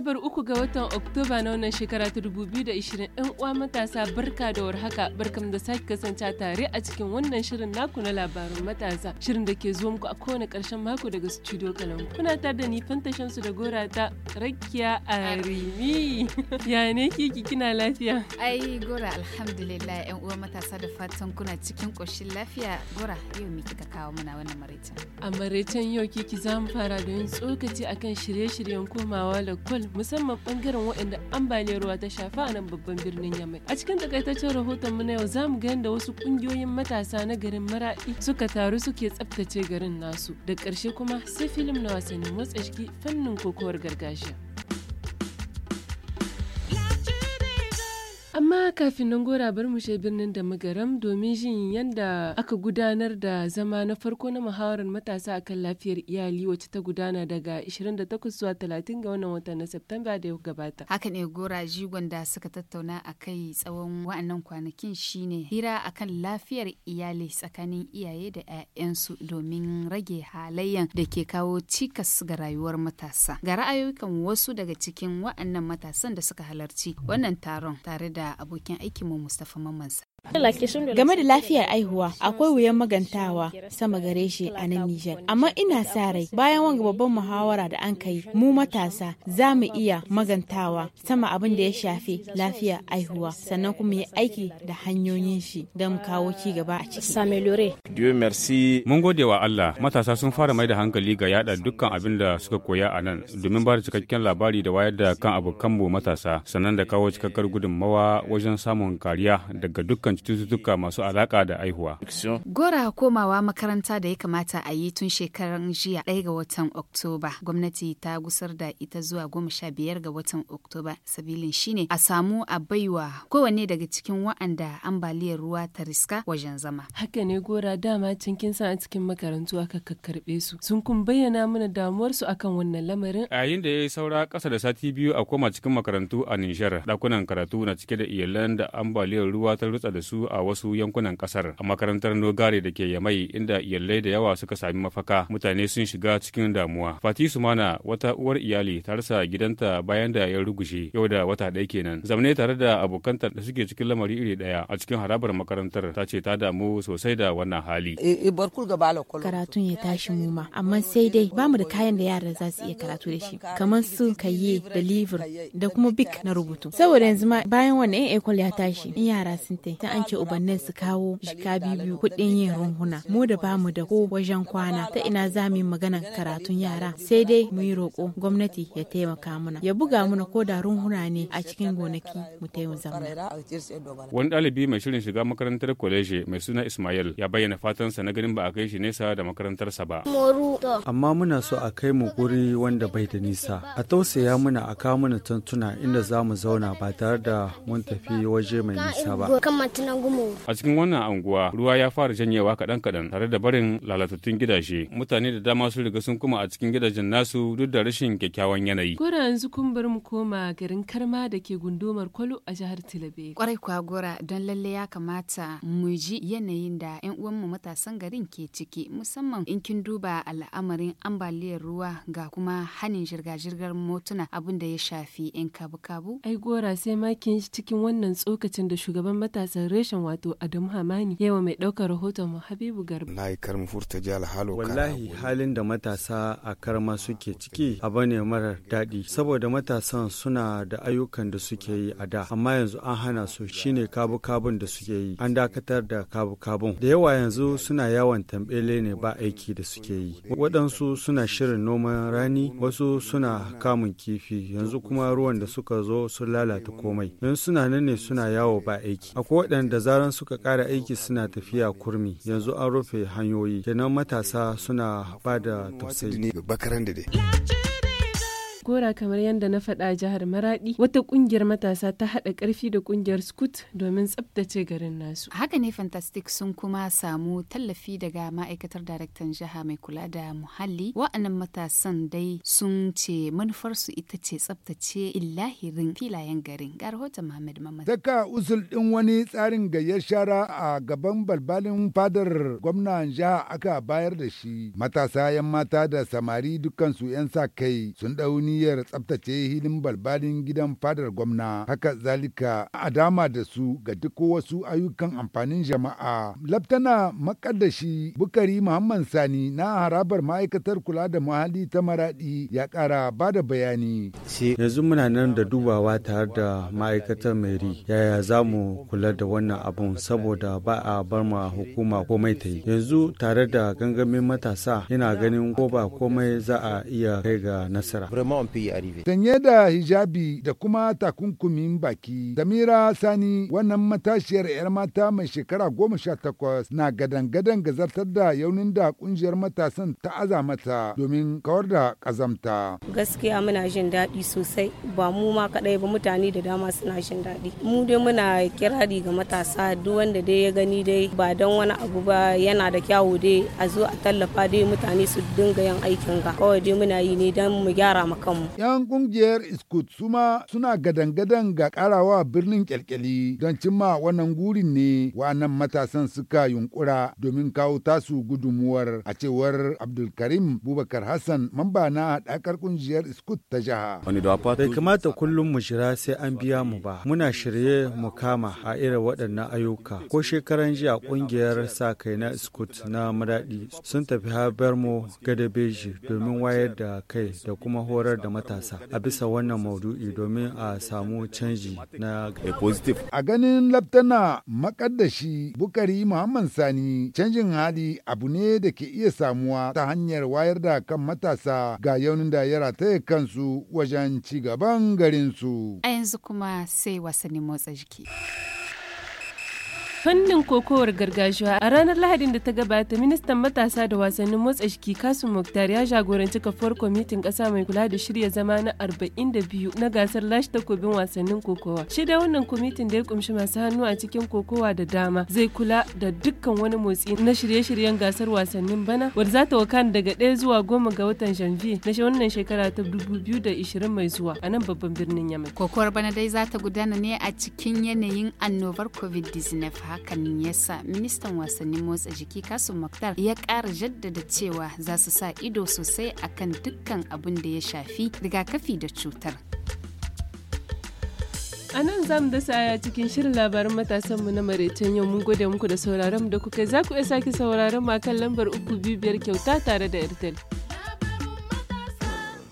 Asabar uku ga watan Oktoba na wannan shekara ta 2020 'yan uwa matasa barka da warhaka barkam da sake kasance tare a cikin wannan shirin naku na labarin matasa shirin da ke zuwa muku a kowane karshen mako daga studio Kalam. Kuna tare da ni fantashan su da gora ta Rakiya Arimi. ya ne kiki kina lafiya? Ai gora alhamdulillah 'yan uwa matasa da fatan kuna cikin koshin lafiya gora yau me kika kawo muna wannan maraicen. A maraicen yau kiki za mu fara da yin tsokaci akan shirye-shiryen komawa da kwal musamman bangaren waɗanda ambaliyar ruwa ta shafa a nan babban birnin Yamai. A cikin takaitaccen rahoton mu na yau za mu ga yadda wasu kungiyoyin matasa na garin Maraɗi suka taru suke tsaftace garin nasu. Da ƙarshe kuma sai filim na wasannin motsa jiki fannin kokowar gargajiya. kafin nan gora bar mu she birnin da magaram domin jin yadda aka gudanar da zama na farko na muhawarar matasa akan lafiyar iyali wacce ta gudana daga 28 zuwa 30 ga wannan watan na Septemba da ya gabata. Haka ne gora jigon da suka tattauna a kai tsawon wa'annan kwanakin shine hira akan lafiyar iyali tsakanin iyaye da 'ya'yansu domin rage halayen da ke kawo cikas ga rayuwar matasa. Ga ra'ayoyin wasu daga cikin wa'annan matasan da suka halarci wannan taron tare da abokin aikinmu Mustapha Mamansa. Game da lafiyar aihuwa akwai wuyan magantawa sama gare shi a nan Nijar. Amma ina sa rai bayan wanga babban muhawara da an kai mu matasa za mu iya magantawa sama abin da ya shafi lafiyar aihuwa sannan kuma yi aiki da hanyoyin shi don kawo ci gaba a ciki. Mun gode wa Allah matasa sun fara mai da hankali ga yada dukkan abin da suka koya a nan domin ba da cikakken labari da wayar da kan abokanmu matasa sannan da kawo cikakkar gudunmawa wajen samun kariya daga dukkan dukkan cututtuka masu alaka da aihuwa. Gora komawa makaranta da ya kamata a yi tun shekaran jiya ɗaya ga watan Oktoba. Gwamnati ta gusar da ita zuwa goma sha biyar ga watan Oktoba sabilin shine a samu a baiwa kowanne daga cikin wa'anda ambaliyar ruwa ta riska wajen zama. Haka ne gora dama cinkin sa a cikin makarantu aka kakkarɓe su. Sun kun bayyana mana damuwarsu akan wannan lamarin. A yayin da ya yi saura ƙasa da sati biyu a koma cikin makarantu a Nijar, ɗakunan karatu na cike da iyalan da ambaliyar ruwa ta rutsa da da su a wasu yankunan kasar a makarantar nogare da ke yamai inda iyalai da yawa suka sami mafaka mutane sun shiga cikin damuwa fati mana wata uwar iyali ta rasa gidanta bayan da ya rugushe yau da wata ɗaya kenan zamne tare da abokanta da suke cikin lamari iri ɗaya a cikin harabar makarantar ta ce ta damu sosai da wannan hali eh, eh, karatun ya tashi mu amma sai dai bamu da kayan da yara za su iya karatu da shi kamar su kaye da livir da kuma bik na rubutu saboda yanzu ma bayan wannan yan eh, ekol ya tashi in yara sun tai anke ubannin su kawo shika biyu kuɗin yin runhuna mu da bamu da ko wajen kwana ta ina za mu yi karatun yara sai dai mu yi roƙo gwamnati ya taimaka mana ya buga mana ko da runhuna ne a cikin gonaki mu taimaka mana. Wani ɗalibi mai shirin shiga makarantar kwaleji mai suna Ismail ya bayyana fatan sa na ganin ba a kai shi nesa da makarantarsa ba. Amma muna so a kai mu guri wanda bai da nisa. A tausaya muna a kawo mana tantuna inda za mu zauna ba tare da mun tafi waje mai nisa ba. na gumo. A cikin wannan anguwa ruwa ya fara janyewa kaɗan-kaɗan tare da barin lalatattun gidaje. Mutane da dama sun riga sun kuma a cikin gidajen nasu duk da rashin kyakkyawan yanayi. Gora yanzu kun bari mu koma garin Karma da ke gundumar Kwalo a jihar Tilabe. Kwarai kwa gora don lalle ya kamata mu ji yanayin da 'yan uwan uwanmu matasan garin ke ciki musamman in kin duba al'amarin ambaliyar ruwa ga kuma hanin jirga-jirgar motuna abin da ya shafi 'yan kabu-kabu. Ai gora sai ma kin cikin wannan tsokacin da shugaban matasan reshen wato Adamu Hamani yawa mai ɗaukar rahoton mu Habibu Garba. Na yi karmi furta jihar Halo Wallahi halin da matasa a karma suke ciki a bane marar daɗi saboda matasan suna da ayyukan da suke yi a da amma yanzu an hana su shine kabu-kabun da suke yi an dakatar da kabu-kabun da yawa yanzu suna yawan tambele ne ba aiki da suke yi waɗansu suna shirin noman rani wasu suna kamun kifi yanzu kuma ruwan da suka zo sun lalata komai don suna nan ne suna yawo ba aiki akwai da zaran suka ƙara aiki suna tafiya kurmi yanzu an rufe hanyoyi kenan matasa suna ba da tausayi. Jagora kamar yadda na faɗa jihar Maradi wata ƙungiyar matasa ta haɗa ƙarfi da ƙungiyar Scout domin tsabtace garin nasu. Haka ne Fantastic sun kuma samu tallafi daga ma'aikatar daraktan jiha mai kula da muhalli. Wa'annan matasan dai sun ce manufarsu ita ce tsabtace illahirin filayen garin. Ga rahoton Muhammad Mamman. Daga usul ɗin wani tsarin gayyar shara a gaban balbalin fadar gwamnan jiha aka bayar da shi. Matasa 'yan mata da samari dukansu 'yan sa kai sun ɗauni niyyar tsabtace hilin balbalin gidan fadar gwamna haka zalika a dama da su ga duk wasu ayyukan amfanin jama'a laftana makaddashi bukari muhammad sani na harabar ma'aikatar kula da muhalli ta maradi ya kara ba da bayani yanzu muna nan da dubawa tare da ma'aikatar mairi yaya za mu kula da wannan abun saboda ba a bar ma hukuma komai ta yi yanzu tare da gangamin matasa yana ganin ko ba komai za a iya kai ga nasara on peut y arriver. Sanye da hijabi da kuma takunkumin baki, Samira Sani wannan matashiyar 'yar mata mai shekara goma sha takwas na gadan-gadan gazartar da yaunin da kungiyar matasan ta aza mata domin kawar da kazamta. Gaskiya muna jin daɗi sosai ba mu ma kaɗai ba mutane da dama suna jin daɗi. Mu dai muna kirari ga matasa duk wanda dai ya gani dai ba don wani abu ba yana da kyawu dai a zo a tallafa dai mutane su dinga yin aikin ga. Kawai dai muna yi ne dan mu gyara maka kanmu. Yan kungiyar Iskut suma suna gadan-gadan ga karawa birnin kyalkyali don cimma wannan gurin ne wa'annan matasan suka yunkura domin kawo tasu gudunmuwar a cewar Abdulkarim Bubakar Hassan mamba na hadakar kungiyar Iskut ta jiha. Bai kamata kullum mu shira sai an biya mu ba. Muna shirye mu kama a irin waɗannan ayyuka. Ko shekaran jiya kungiyar sa kai na Iskut na Madaɗi sun tafi habar mu gada beji domin wayar da kai da kuma horar da matasa a bisa wannan maudu'i domin a samu canji na eh, A ganin laftana makaddashi Bukari Muhammad Sani canjin hali abu ne da ke iya samuwa ta hanyar wayar da kan matasa ga yaunin da ya rataya kansu wajen ci gaban garinsu. A yanzu kuma sai wasanni motsa jiki. Fannin kokowar gargajiya a ranar Lahadin da ta gabata ministan matasa da wasannin motsa jiki Kasim Mukhtar ya jagoranci kafuwar kwamitin ƙasa mai kula da shirya zama na 42 na gasar lashe takobin wasannin kokowa. Shi da wannan kwamitin da ya kumshi masu hannu a cikin kokowa da dama zai kula da dukkan wani motsi na shirye-shiryen gasar wasannin bana wadda za ta wakan daga ɗaya zuwa 10 ga watan Janvier na wannan shekara ta 2020 mai zuwa a nan babban birnin Yamai. Kokowar bana dai za ta gudana ne a cikin yanayin annobar COVID-19. hakan yasa ministan wasannin motsa jiki kasu maktar ya kara jaddada cewa za su sa ido sosai akan dukkan abin da ya shafi rigakafi da cutar A nan za mu da saya cikin shirin labaran matasanmu na maraicen yau mun gode muku da sauraron da kuka za ku iya sake sauraron ma kan lambar uku biyar kyauta tare da Airtel.